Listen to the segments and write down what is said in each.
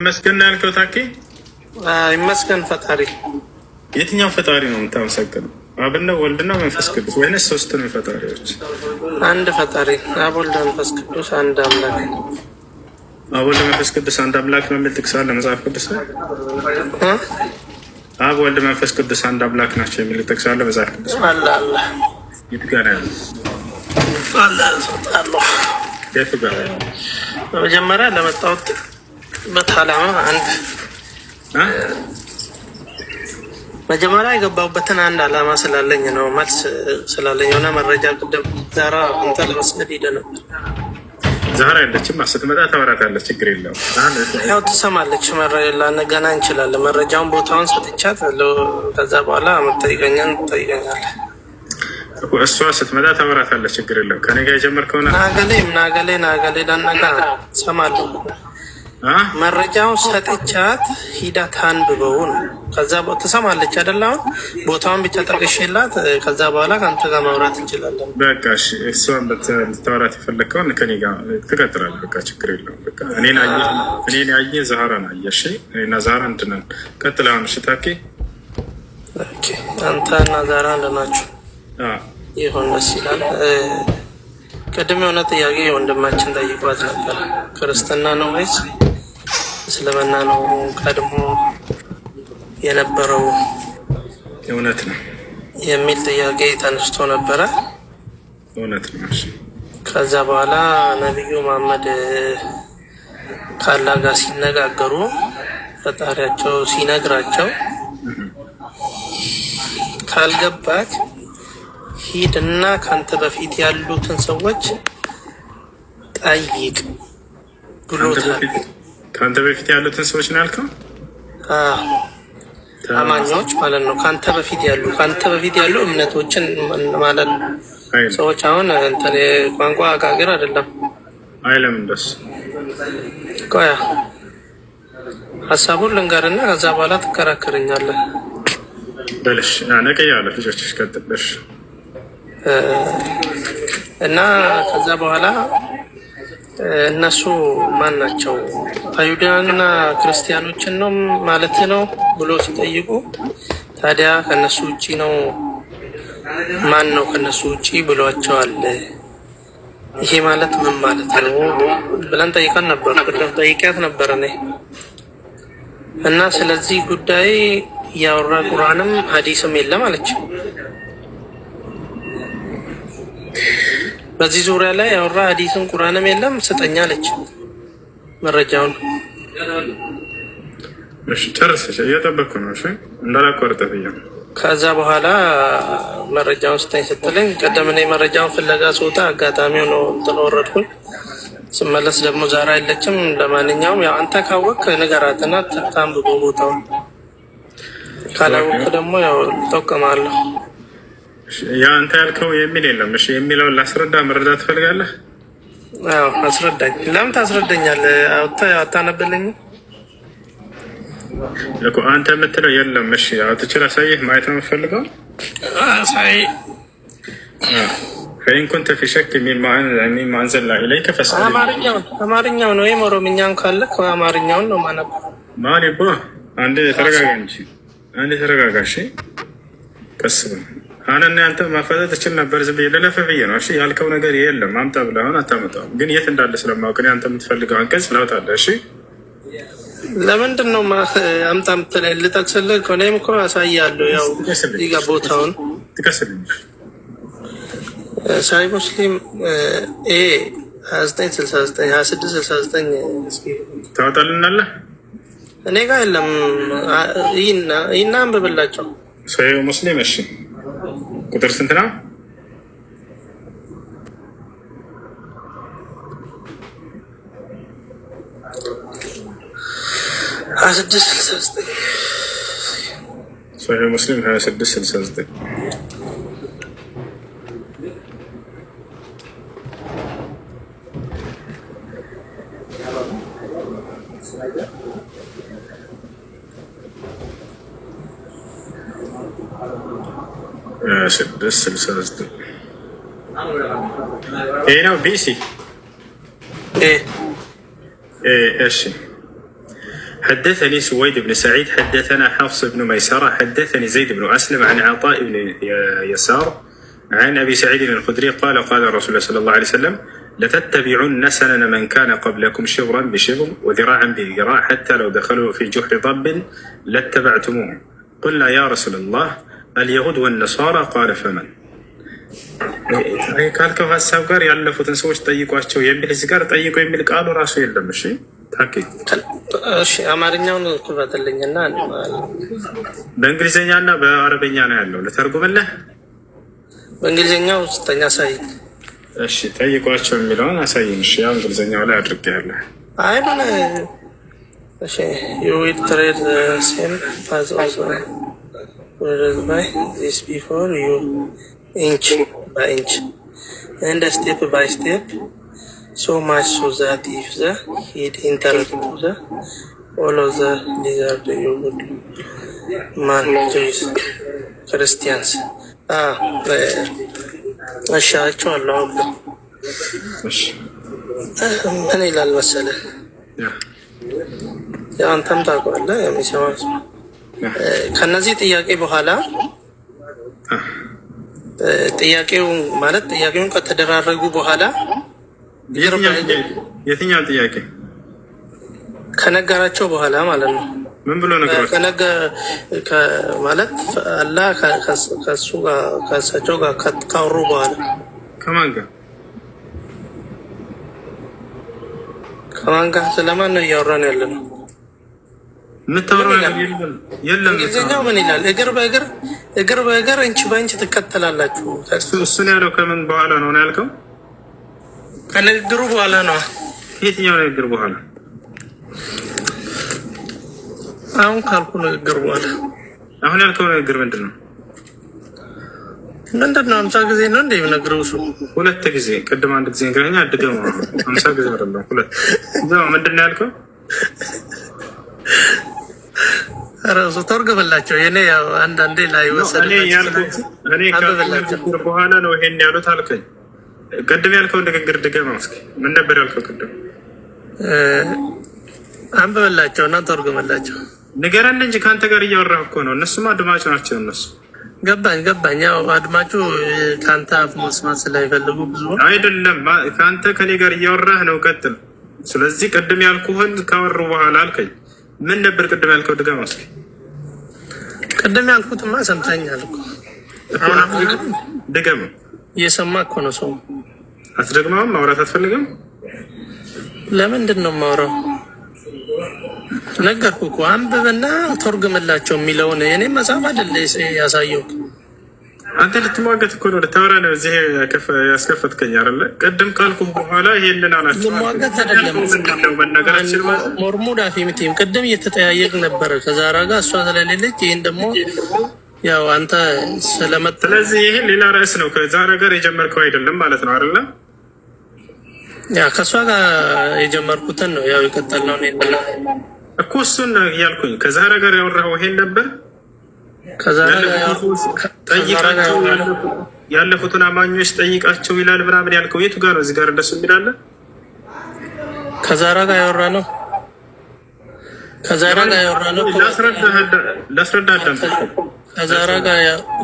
ይመስገን ያልከው ታኬ? ይመስገን ፈጣሪ። የትኛው ፈጣሪ ነው የምታመሰግነው? አብና ወልድና መንፈስ ቅዱስ ወይንስ ሶስቱን ፈጣሪዎች? አንድ ፈጣሪ አብ፣ ወልድ፣ መንፈስ ቅዱስ አንድ አምላክ። አብ፣ ወልድ፣ መንፈስ ቅዱስ አንድ አምላክ ነው የሚል ጥቅስ አለ መጽሐፍ ቅዱስ አብ፣ ወልድ፣ መንፈስ ቅዱስ አንድ አምላክ ናቸው የሚል ጥቅስ አለ መጽሐፍ ቅዱስ ላይ። የት ጋር ያለው? የት ጋር ያለ መጀመሪያ ለመጣሁት የመጣሁበት አላማ አንድ መጀመሪያ የገባሁበትን አንድ አላማ ስላለኝ ነው፣ መልስ ስላለኝ የሆነ መረጃ ቅድም ዛራ ንተ ለመስገድ ሄደ ነበር። ዛራ ያለችም ስትመጣ ተመራታለች፣ ችግር የለው ያው ትሰማለች። ላነገና እንችላለን። መረጃውን ቦታውን ሰጥቻት ከዛ በኋላ መጠይቀኛን ትጠይቀኛለህ። እሷ ስትመጣ ተመራታለች፣ ችግር የለው። ከኔ ጋ የጀመርከው ናገሌ ናገሌ ናገሌ ዳናጋ ሰማለሁ መረጃው ሰጥቻት ሂዳ ታንብበው ነው። ከዛ ትሰማለች አይደል? አሁን ቦታውን ብቻ ጠቅሼላት ከዛ በኋላ ከአንተ ጋር ማውራት እንችላለን። በቃ እሷን ልታወራት የፈለግከውን ከኔ ጋር ትቀጥላለህ። በቃ ችግር የለውም። በቃ እኔን ያየ ዛህራን አየሽ እና ዛህራ እንድነን ቀጥላ ሆን ሽታኬ አንተ እና ዛህራ እንደናችሁ ይሆን ደስ ይላል። ቅድም የሆነ ጥያቄ ወንድማችን ጠይቋት ነበር ክርስትና ነው ወይስ እስልምና ነው ቀድሞ የነበረው እውነት ነው የሚል ጥያቄ ተነስቶ ነበረ። እውነት ነው። ከዛ በኋላ ነቢዩ መሐመድ ካላጋ ጋር ሲነጋገሩ ፈጣሪያቸው ሲነግራቸው ካልገባት ሂድና ካንተ በፊት ያሉትን ሰዎች ጠይቅ ብሎታል። ከአንተ በፊት ያሉትን ሰዎች ነው ያልከው? አማኞች ማለት ነው። ከአንተ በፊት ያሉ ከአንተ በፊት ያሉ እምነቶችን ማለት ነው። ሰዎች አሁን እንትን ቋንቋ አጋግር አይደለም አይለም። እንደሱ ቆያ ሀሳቡን ልንገርና ከዛ በኋላ ትከራከረኛለህ። በልሽ ነቀያለ ልጆች ቀጥለሽ እና ከዛ በኋላ እነሱ ማን ናቸው? አይሁዳንና ክርስቲያኖችን ነው ማለት ነው ብሎ ሲጠይቁ፣ ታዲያ ከነሱ ውጭ ነው ማን ነው ከነሱ ውጭ ብሏቸዋል። ይሄ ማለት ምን ማለት ነው ብለን ጠይቀን ነበር ጠይቂያት ነበር እኔ እና ስለዚህ ጉዳይ እያወራ ቁርአንም ሀዲስም የለም አለችው። በዚህ ዙሪያ ላይ ያወራ ሀዲስም ቁርአንም የለም። ስጠኛ አለች መረጃውን። ጨርስ፣ እየጠበቅኩ ነው። እሺ እንዳላቋርጠ ብያ ከዛ በኋላ መረጃውን ስጠኝ ስትለኝ ቀደም እኔ መረጃውን ፍለጋ ስወጣ አጋጣሚው ነው እንትን ወረድኩኝ። ስመለስ ደግሞ ዛሬ የለችም። ለማንኛውም ያው አንተ ካወቅ ንገራትና ታንብቦ ቦታውን ካላወቅ ደግሞ ያው እጠቀማለሁ አንተ ያልከው የሚል የለም። እሺ የሚለውን ላስረዳ፣ መረዳት ትፈልጋለህ? አዎ አስረዳኝ። ለምን ታስረዳኛለህ? አታነብልኝም እኮ አንተ የምትለው የለም። እሺ አውጥቼ ላሳይህ። ማየት ነው የምትፈልገው? ሳይ ፈኢን ኩንተ ፊ ሸክ ሚማ አንዘልና ኢለይከ ፈስአል። አማርኛው ነው ወይም ኦሮምኛን ካለ አማርኛውን ነው ማነብ። ማን ይባ አንዴ ተረጋጋ እንጂ አንዴ ተረጋጋ። እሺ ቀስ ብለህ አነና ያንተ ማፋጠጥ እችል ነበር። ዝም ብዬ ልለፍ ብዬ ነው። እሺ ያልከው ነገር የለም አምጣ ብለህ አሁን አታመጣውም። ግን የት እንዳለ ስለማውቅ አንተ የምትፈልገው አንቀጽ ላውጣለህ። እሺ ለምንድን ነው አምጣ የምትለኝ? ልጠቅስልህ እኮ እኔም እኮ አሳያለሁ። ያው እዚህ ቦታውን ጥቀስልኝ። ሳይ ሙስሊም ኤ ሀያ ዘጠኝ ስልሳ ዘጠኝ ሀያ ስድስት ስልሳ ዘጠኝ ታወጣልናለህ። እኔ ጋር የለም። ይህና አንብብላቸው ሰው ሙስሊም እሺ ቁጥር ስንት ነው? ሙስሊም 2669 ደስ ይሄ ايه ايه ايش حدثني سويد بن سعيد حدثنا حفص بن ميسرة حدثني زيد بن أسلم عن عطاء بن يسار عن أبي سعيد الخدري قال قال رسول الله صلى الله عليه وسلم لتتبعن سنن من كان قبلكم شبرا بشبر وذراعا بذراع حتى لو دخلوا في جحر ضب لاتبعتموه قلنا يا رسول الله አልየሁድ ወነሳራ ቃለ ፈመን ካልከው ሀሳብ ጋር ያለፉትን ሰዎች ጠይቋቸው የሚል እዚህ ጋር ጠይቆ የሚል ቃሉ ራሱ የለም። እሺ እሺ አማርኛውን ቁረጥልኝና በእንግሊዝኛ እና በአረበኛ ነው ያለው። ልተርጉምልህ። በእንግሊዝኛው ስጠኝ አሳይኝ። እሺ ጠይቋቸው የሚለውን አሳይኝ። እሺ ያው እንግሊዝኛው ላይ አድርጌያለሁ። አይ ምን እሺ ዩ ዊል ትሬድ ሴም ፓዝ ኦልሶ followed by this before you inch by inch and step by step so much so that if the heat interacts with the all of the desired you would man Jews ክርስቲያንስ እሻቸው አለ ምን ይላል መሰለህ? አንተም ታውቀዋለህ የሚሰማ ከነዚህ ጥያቄ በኋላ ጥያቄው ማለት ጥያቄውን ከተደራረጉ በኋላ የትኛው ጥያቄ ከነገራቸው በኋላ ማለት ነው። ምን ብሎ ነገራቸው? ማለት አላህ ከሱ ጋር ከእሳቸው ጋር ካወሩ በኋላ ከማን ጋር ከማን ጋር ስለማን ነው እያወራን ያለ ነው? የምትብለው የለም። እንግሊዝኛው ምን ይላል? እግር በእግር እግር በእግር እንች በእንች ትከተላላችሁ። እሱን ያለው ከምን በኋላ ነው ያልከው? ከንግግሩ በኋላ ነው። የትኛው ንግግር በኋላ? አሁን ካልኩ ንግግር በኋላ። አሁን ያልከው ንግግር ምንድን ነው? ምንድን ነው? አምሳ ጊዜ ነው እንደ ነግረው እሱ ሁለት ጊዜ ቅድም አንድ ጊዜ ንግረኛ አድገው አምሳ ጊዜ አይደለም ሁለት ምንድን ነው ያልከው? ራሱ ተርጎመላቸው የኔ ያው አንዳንዴ ላይ ወሰድላቸው በኋላ ነው ይሄን ያሉት አልከኝ። ቅድም ያልከው ንግግር ድገማ እስኪ። ምን ነበር ያልከው ቅድም? አንብበላቸው እና ተርጎመላቸው ንገረን እንጂ ከአንተ ጋር እያወራህ እኮ ነው። እነሱም አድማጭ ናቸው። እነሱ ገባኝ ገባኝ። ያው አድማጩ ከአንተ አፍ መስማት ስለሚፈልጉ ብዙ አይደለም። ከአንተ ከኔ ጋር እያወራህ ነው። ቀጥል። ስለዚህ ቅድም ያልኩህን ካወሩ በኋላ አልከኝ ምን ነበር ቅድም ያልከው? ድጋም አስ ቅድም ያልኩትማ ሰምተኛል እኮ ድገም። እየሰማ እኮ ነው ሰው። አትደግመውም? ማውራት አትፈልግም? ለምንድን ነው ማውራው? ነገርኩ እኮ አንብብና ተርግምላቸው የሚለውን የኔ መጽሐፍ አይደለ ያሳየው አንተ ልትሟገት እኮ ነው ልታወራ ነው እዚህ ያስከፈትከኝ አለ። ቅድም ካልኩም በኋላ ይሄንን አላቸውለው መናገራችን ቅድም እየተጠያየቅ ነበረ ከዛራ ጋር እሷ ስለሌለች ይህን ደግሞ ያው አንተ ስለመጥ ስለዚህ ይሄ ሌላ ርዕስ ነው። ከዛራ ጋር የጀመርከው አይደለም ማለት ነው አይደለም? ያ ከእሷ ጋር የጀመርኩትን ነው ያው የቀጠልነው እኮ እሱን እያልኩኝ ከዛራ ጋር ያወራኸው ይሄን ነበር ጠይቃቸው ያለፉትን አማኞች ጠይቃቸው ይላል ምናምን ያልከው የቱ ጋር ነው? እዚህ ጋር እንደሱ የሚላለ ከዛራ ጋር ያወራ ነው። ከዛራ ጋር ያወራ ነው። ላስረዳ አዳም ከዛራ ጋር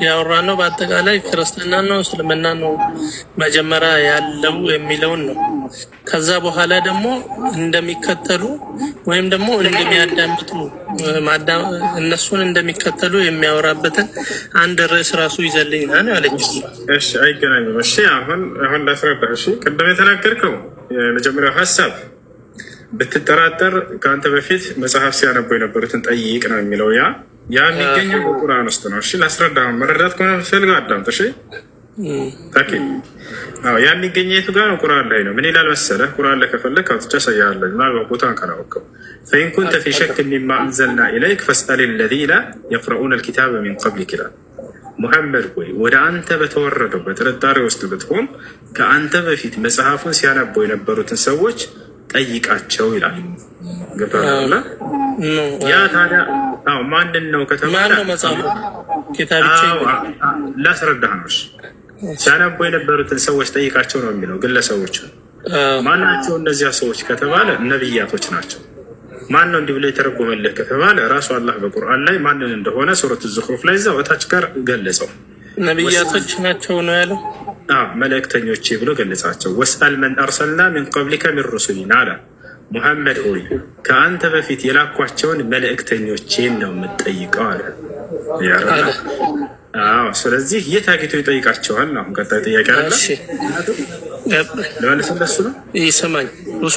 ያወራ ነው። በአጠቃላይ ክርስትና ነው እስልምና ነው መጀመሪያ ያለው የሚለውን ነው ከዛ በኋላ ደግሞ እንደሚከተሉ ወይም ደግሞ እንደሚያዳምጡ እነሱን እንደሚከተሉ የሚያወራበትን አንድ ርዕስ ራሱ ይዘልኝናል አለች። እሺ፣ አይገናኙም። እሺ፣ አሁን አሁን ላስረዳ። እሺ፣ ቅድም የተናገርከው የመጀመሪያው ሀሳብ ብትጠራጠር ከአንተ በፊት መጽሐፍ ሲያነቡ የነበሩትን ጠይቅ ነው የሚለው ያ ያ የሚገኘው በቁርአን ውስጥ ነው። እሺ፣ ላስረዳ። መረዳት ከሆነ ፈልገህ አዳምጥ። እሺ ያ የሚገኝ ጋር ነው? ቁርአን ላይ ነው። ምን ይላል መሰለህ? ቁርአን ላይ ከፈለግ አውጥቼ አሳይሃለሁ። ምናልባት ቦታን ካላወቅከው ፈኢን ኩንተ ፊ ሸክ ሚማ አንዘልና ኢለይክ ፈስአል ለዚነ የቅረኡነ ልኪታበ ሚን ቀብሊክ ይላል። ሙሐመድ ወይ ወደ አንተ በተወረደው በጥርጣሬ ውስጥ ብትሆን ከአንተ በፊት መጽሐፉን ሲያነቡ የነበሩትን ሰዎች ጠይቃቸው ይላል። ገብቶሃል? ያ ታዲያ ማንን ነው ከተባለ ላስረዳህ ነው። ሲያነቦ የነበሩትን ሰዎች ጠይቃቸው ነው የሚለው። ግለሰቦች ማናቸው እነዚያ ሰዎች ከተባለ ነብያቶች ናቸው። ማን ነው እንዲህ ብሎ የተረጎመልህ ከተባለ ራሱ አላህ በቁርአን ላይ ማንን እንደሆነ ሱረት ዙክሩፍ ላይ እዛው እታች ጋር ገለጸው። ነብያቶች ናቸው ነው ያለው። መልእክተኞቼ ብሎ ገለጻቸው። ወስአል መን አርሰልና ሚን ቀብሊከ ሚን ሩሱሊን አላ ሙሐመድ ሆይ ከአንተ በፊት የላኳቸውን መልእክተኞቼን ነው የምጠይቀው አለ። ስለዚህ የት አግኝቶ ይጠይቃቸዋል? አሁን ቀጣይ ጥያቄ አለ ለመለስለሱ ነው ይሰማኝ። ሩሱ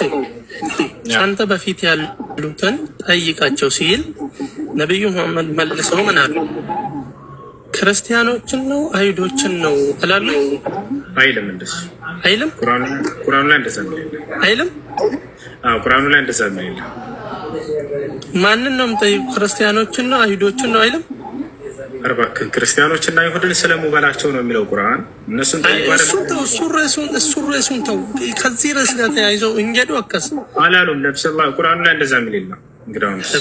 ከአንተ በፊት ያሉትን ጠይቃቸው ሲል ነቢዩ ሙሐመድ መልሰው ምን አሉ? ክርስቲያኖችን ነው አይሁዶችን ነው አላሉ? አይልም እንደሱ አይልም። ቁርአኑ ላይ እንደዛ አይልም ቁርአኑ ላይ እንደዛ ነው የሚለው። ማንን ነው የምጠይቁት? ክርስቲያኖችን ነው አይሁዶችን ነው አይልም። እባክህ ክርስቲያኖችና አይሁድን ስለሙበላቸው ነው የሚለው ቁርአን። እነሱን እሱን ርዕሱን ተው። ከዚህ ርዕስ ጋር ተያይዘው እንጀዱ አከስ አላሉም ነብስ ቁርአኑ ላይ እንደዛ የሚል ነው እንግዲህ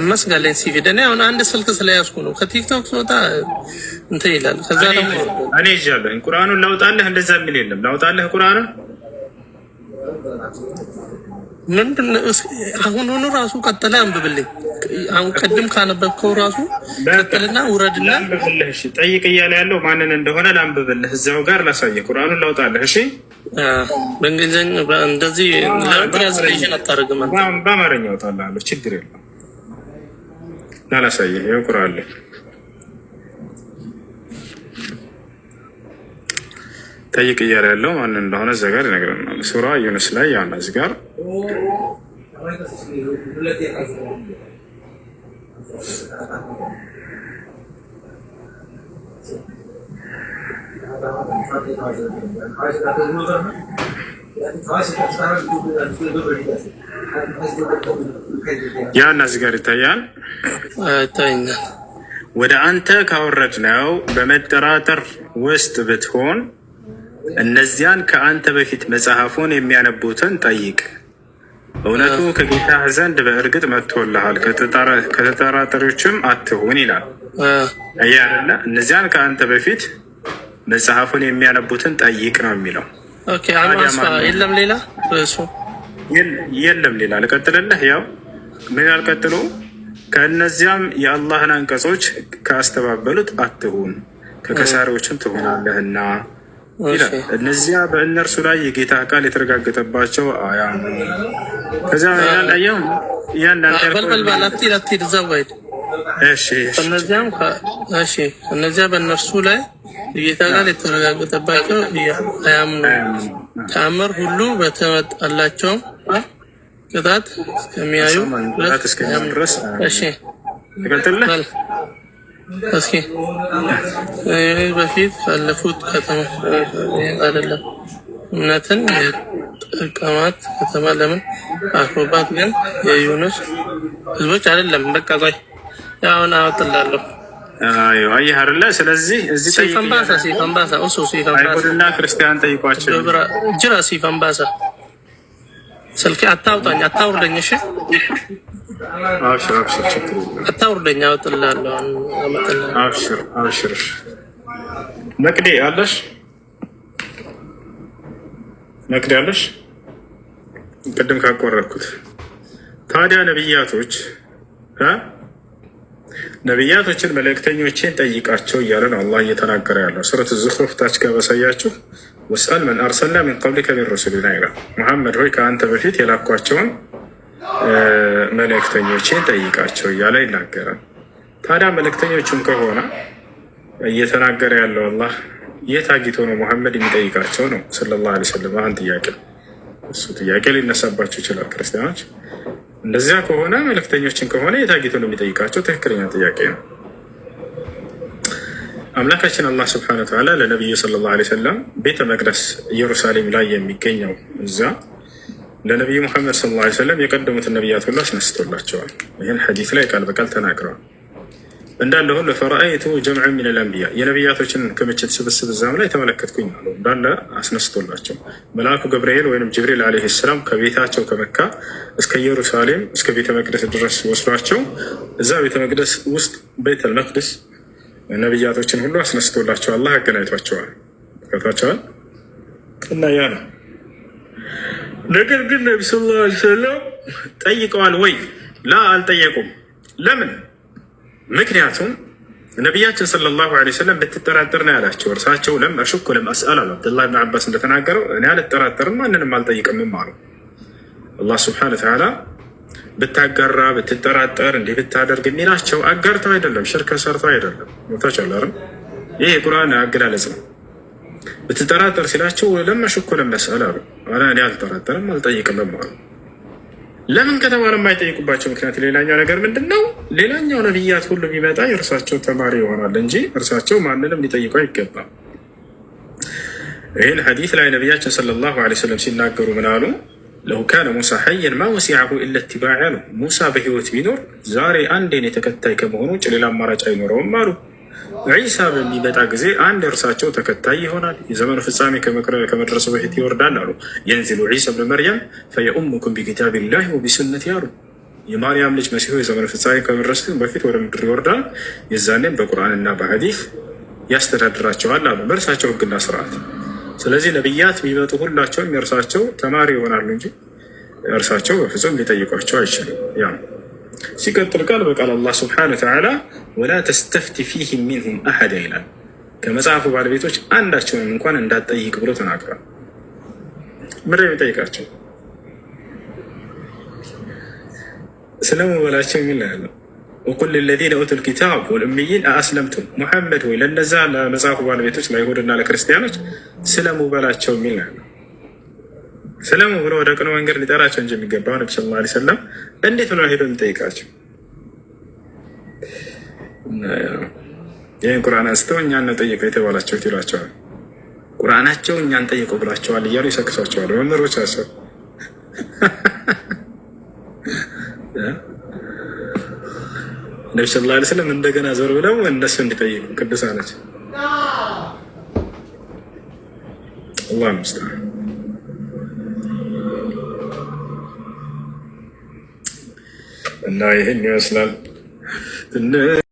አመስጋለኝ ሲቪድ እኔ አሁን አንድ ስልክ ስለያዝኩ ነው። ከቲክቶክ ስወጣ እንትን ይላል። ከዛ ደግሞ እኔ ይዣለሁኝ ቁርአኑን ላውጣለህ እንደዛ የሚል የለም። ላውጣለህ ቁርአኑን ምንድን አሁን ሆኖ ራሱ ቀጥለ አንብብልኝ። አሁን ቅድም ካነበብከው ራሱ ቀጥልና ውረድና አንብብልህ። እሺ ጠይቅ እያለ ያለው ማንን እንደሆነ ላንብብልህ። እዚያው ጋር ላሳየ ቁርአኑን ላውጣለህ። እሺ በእንግሊዝኛ እንደዚህ ትራንስሌሽን አታደርግም። በአማርኛ አውጣልሃለሁ። ችግር የለም ላላሳየ ይኸው ቁርአን ላይ ጠይቅ እያለ ያለው ማንን እንደሆነ እዛ ጋር ይነግረናል። ሱራ ዩኑስ ላይ ያን እዚ ጋር ያን እዚ ጋር ይታያል። ወደ አንተ ካወረድነው በመጠራጠር ውስጥ ብትሆን እነዚያን ከአንተ በፊት መጽሐፉን የሚያነቡትን ጠይቅ። እውነቱ ከጌታህ ዘንድ በእርግጥ መጥቶልሃል፣ ከተጠራጠሪዎችም አትሁን ይላል። እያለ እነዚያን ከአንተ በፊት መጽሐፉን የሚያነቡትን ጠይቅ ነው የሚለው። የለም ሌላ የለም ሌላ ልቀጥልልህ። ያው ምን ያልቀጥሉ ከእነዚያም የአላህን አንቀጾች ካስተባበሉት አትሁን ከከሳሪዎችም ትሆናለህና እነዚያ በእነርሱ ላይ የጌታ ቃል የተረጋገጠባቸው አያ ከዚያ ያላየው እነዚያ በእነርሱ ላይ የጌታ ቃል የተረጋገጠባቸው አያምኑ ተአምር ሁሉ በተመጣላቸውም ቅጣት ከሚያዩ እስኪ በፊት ካለፉት ከተማ አይደለም እምነትን የጠቀማት ከተማ ለምን አፍሮባት? ግን የዩኑስ ህዝቦች አይደለም። በቃ ቆይ አሁን አወጥላለሁ። አዎ አየህ አይደለ? ስለዚህ እዚህ ሲፈንባሳ ሲፈንባሳ እሱ ሲፈንባሳ አይሁድና ክርስቲያን ጠይቋቸው ጅራ ሲፈንባሳ ስልኬ አታውጣኝ፣ አታውርደኝ። እሺ አብሽር፣ አብሽር፣ አታውርደኝ። አወጥልሃለሁ። አብሽር፣ አብሽር። መቅዴ አለሽ? መቅዴ አለሽ? ቅድም ታዲያ ነብያቶች ነብያቶችን መልእክተኞችን ጠይቃቸው ነው አላህ እየተናገረ ያለው ሱረት ዙኽሩፍ ታች ገበሳያችሁ ውስአል መን አርሰልና ሚን ቀብሊከ ሚን ረሱልና ይላል። መሐመድ ሆይ ከአንተ በፊት የላኳቸውን መልእክተኞችን ጠይቃቸው እያለ ይናገራል። ታዲያ መልእክተኞቹም ከሆነ እየተናገረ ያለው አላህ የት አግኝቶ ነው መሐመድ የሚጠይቃቸው ነው ሰለላሁ ዐለይሂ ወሰለም። አሁን ጥያቄ እሱ ጥያቄ ሊነሳባቸው ይችላል ክርስቲያኖች። እንደዚያ ከሆነ መልእክተኞችን ከሆነ የት አግኝቶ ነው የሚጠይቃቸው? ትክክለኛ ጥያቄ ነው። አምላካችን አላህ ስብሐነ ወተዓላ ለነቢዩ ሰለላሁ ዓለይሂ ወሰለም ቤተ መቅደስ ኢየሩሳሌም ላይ የሚገኘው እዛ ለነቢዩ ሙሐመድ ሰለላሁ ዓለይሂ ወሰለም የቀደሙትን ነቢያት ሁሉ አስነስቶላቸዋል። ይህን ሐዲስ ላይ ቃል በቃል ተናግረዋል። እንዳለ ሁሉ ፈረአይቱ ጀምዐን ሚነል አንቢያ የነቢያቶችን ክምችት ስብስብ እዛም ላይ ተመለከትኩኝ አሉ። እንዳለ አስነስቶላቸው መልአኩ ገብርኤል ወይም ጅብሪል ዓለይሂ ሰላም ከቤታቸው ከመካ እስከ ኢየሩሳሌም እስከ ቤተ መቅደስ ድረስ ወስዷቸው እዛ ቤተ መቅደስ ውስጥ ቤተል መቅደስ ነቢያቶችን ሁሉ አስነስቶላቸው አላህ አገናኝቷቸዋል። ገብቷቸዋል እና ያ ነው። ነገር ግን ነቢ ስ ሰለም ጠይቀዋል ወይ? ላ አልጠየቁም። ለምን? ምክንያቱም ነቢያችን ሰለላሁ ዐለይሂ ወሰለም ብትጠራጠር ነው ያላቸው። እርሳቸው ለም አሹኩ ለም አስአል አሉ። አብዱላህ ብን አባስ እንደተናገረው እኔ አልጠራጠርም ማንንም አልጠይቅም አሉ። አላህ ስብሐነ ወተዓላ ብታጋራ ብትጠራጠር እንዲህ ብታደርግ የሚላቸው አጋርተው አይደለም፣ ሽርክ ሰርተው አይደለም። ሞታች ይህ የቁርአን አገላለጽ ነው። ብትጠራጠር ሲላቸው ለመሽኮ ለመሰል አሉ። ኋላ እኔ አልጠራጠርም አልጠይቅም ለምን ከተባለ የማይጠይቁባቸው ምክንያት ሌላኛው ነገር ምንድን ነው? ሌላኛው ነቢያት ሁሉ የሚመጣ የእርሳቸው ተማሪ ይሆናል እንጂ እርሳቸው ማንንም ሊጠይቁ አይገባም። ይህን ሀዲት ላይ ነቢያችን ሰለላሁ ዐለይሂ ወሰለም ሲናገሩ ምን አሉ? ለው ካነ ሙሳ ሐየን ማ ወሲዐሁ ኢላ ኢትባዕ አሉ። ሙሳ በህይወት ቢኖር ዛሬ አንዴን የተከታይ ከመሆኑ ውጭ ሌላ አማራጭ አይኖረውም አሉ። ዒሳ በሚመጣ ጊዜ አንድ እርሳቸው ተከታይ ይሆናል። የዘመኑ ፍጻሜ ከመድረሱ በፊት ይወርዳል አሉ። የንዚሉ ዒሳ ብን መርያም ፈየኡሙኩም ቢኪታቢላሂ ወቢሱነት ያሉ የማርያም ልጅ መሲሁ የዘመኑ ፍጻሜ ከመድረሱ በፊት ወደ ምድር ይወርዳል። የዛኔም በቁርአንና በሐዲስ ያስተዳድራቸዋል አሉ በእርሳቸው ህግና ስርዓት ስለዚህ ነቢያት ቢመጡ ሁላቸውም የእርሳቸው ተማሪ ይሆናሉ እንጂ እርሳቸው በፍጹም ሊጠይቋቸው አይችልም። ያ ሲቀጥል ቃል በቃል አላህ ስብሐነሁ ወተዓላ ወላ ተስተፍቲ ፊህም ሚንሁም አሐደ ይላል። ከመጽሐፉ ባለቤቶች አንዳቸውንም እንኳን እንዳትጠይቅ ብሎ ተናግሯል። ምድር የሚጠይቃቸው ስለምን የሚል ነው ያለው ወቁል ለዚነ ኡቱል ኪታብ ወልእምይን አአስለምቱም ሙሐመድ ወይ ለነዛ ለመጽሐፉ ባለቤቶች ለአይሁድና ለክርስቲያኖች ስለሙ በላቸው የሚል ነው። ስለሙ ብሎ ወደ ቅኑ መንገድ ሊጠራቸው እንጂ የሚገባው ነቢ ስለ ላ ሰለም እንዴት ብሎ ሄዶ የሚጠይቃቸው ይህን ቁርአን አንስተው እኛን ነው ጠይቀው የተባላቸው ይሏቸዋል። ቁርአናቸው እኛን ጠይቀው ብሏቸዋል እያሉ ይሰክሷቸዋል መምህሮቻቸው ነቢ ስ ላ ስለም እንደገና ዞር ብለው እነሱ እንዲጠይቁ ቅዱስ አለች። አላህ እና ይህን ይመስላል።